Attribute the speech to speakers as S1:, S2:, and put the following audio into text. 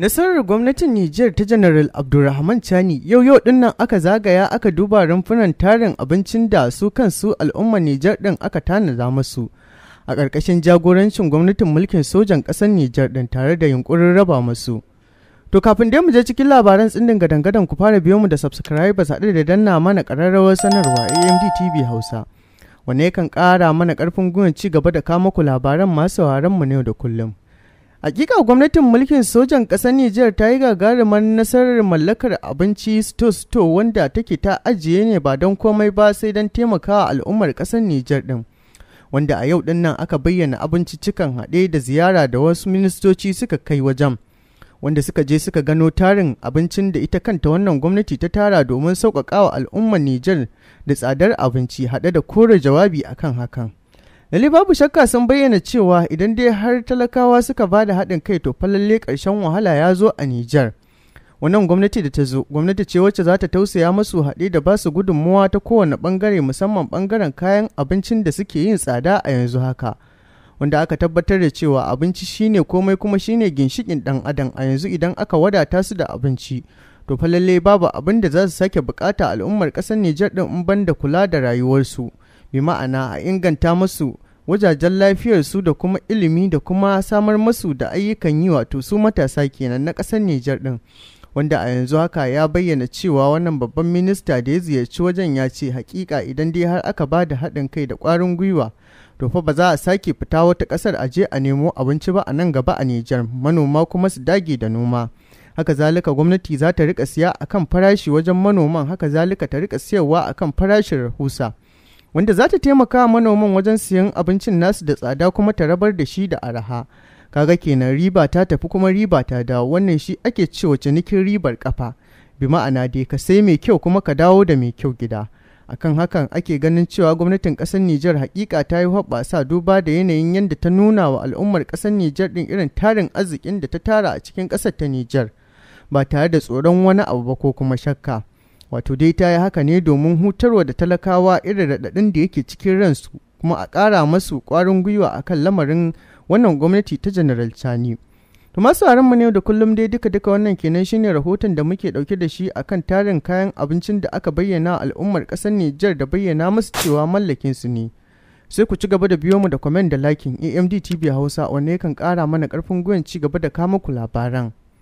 S1: Nasarar gwamnatin Nijar ta Janaral Abdulrahman Chani yau yau din nan aka zagaya aka duba rumfunan tarin abincin da su kansu al'ummar Nijar din aka tanada masu. A ƙarƙashin jagorancin gwamnatin mulkin sojan ƙasar Nijar din tare da yunkurin raba masu. To kafin dai mu je cikin labaran tsindin gadan-gadan ku fara biyo mu da subscribers haɗu da danna mana ƙararrawar sanarwa AMD TV Hausa. Wane kan ƙara mana ƙarfin gwiwa ci gaba da kama ku labaran masu mu ne da kullum. Hakika gwamnatin mulkin sojan ƙasar Nijar ta yi gagarumar nasarar mallakar abinci sto-sto wanda take ta ajiye ne ba don komai ba sai don taimakawa al'ummar ƙasar Nijar din Wanda a yau ɗinnan aka bayyana abinciccikan haɗe da ziyara da wasu ministoci suka kai wajen. Wanda suka je suka gano tarin abincin da ita kanta wannan gwamnati ta tara domin sauƙaƙawa al'ummar Nijar da tsadar abinci haɗe da kore jawabi akan hakan. Lalle babu shakka sun bayyana cewa idan dai har talakawa suka ba da haɗin kai to falalle ƙarshen wahala ya zo a Nijar. Wannan gwamnati da ta zo, gwamnati ce wacce za ta tausaya masu haɗe da ba su gudunmuwa ta kowane ɓangare musamman ɓangaren kayan abincin da suke yin tsada a yanzu haka. Wanda aka tabbatar da cewa abinci shine komai kuma shine ginshikin ɗan adam a yanzu idan aka wadata su da abinci. To fa babu abin da za su sake bukata al'ummar ƙasar Nijar ɗin in banda kula da rayuwarsu. bi ma'ana a inganta masu wajajen lafiyar su da kuma ilimi da kuma samar masu da ayyukan yi wato su matasa kenan na ƙasar Nijar din Wanda a yanzu haka ya bayyana cewa wannan babban minista da ya ziyarci wajen ya ce hakika idan dai har aka ba da haɗin kai da ƙwarin gwiwa to fa ba za a sake fita wata ƙasar a je a nemo abinci ba a nan gaba a Nijar manoma kuma su dage da noma. haka zalika gwamnati za ta rika siya akan farashi wajen manoman haka zalika ta rika siyarwa akan farashin rahusa. wanda za ta taimaka manoman wajen siyan abincin nasu da tsada kuma ta rabar da shi da araha kaga kenan riba ta tafi kuma riba ta dawo wannan shi ake cewa cinikin ribar kafa bi ma'ana dai ka sai mai kyau kuma ka dawo da mai kyau gida akan hakan ake ganin cewa gwamnatin kasar Nijar hakika ta yi hoɓɓasa duba da yanayin yadda ta nuna wa al'ummar kasar Nijar ɗin irin tarin arzikin da ta tara a cikin ƙasar ta Nijar ba tare da tsoron wani abu ba ko kuma shakka wato dai ta yi haka ne domin hutarwa da talakawa irin raɗaɗin da yake cikin ransu kuma a ƙara masu ƙwarin gwiwa a kan lamarin wannan gwamnati ta general chani to masu mu ne da kullum dai duka duka wannan kenan shine rahoton da muke ɗauke da shi akan tarin kayan abincin da aka bayyana al'ummar ƙasar Nijar da bayyana musu cewa mallakin su ne sai ku ci gaba da biyo mu da comment da liking AMD TV Hausa wanne kan ƙara mana ƙarfin gwiwan ci gaba da kama ku labaran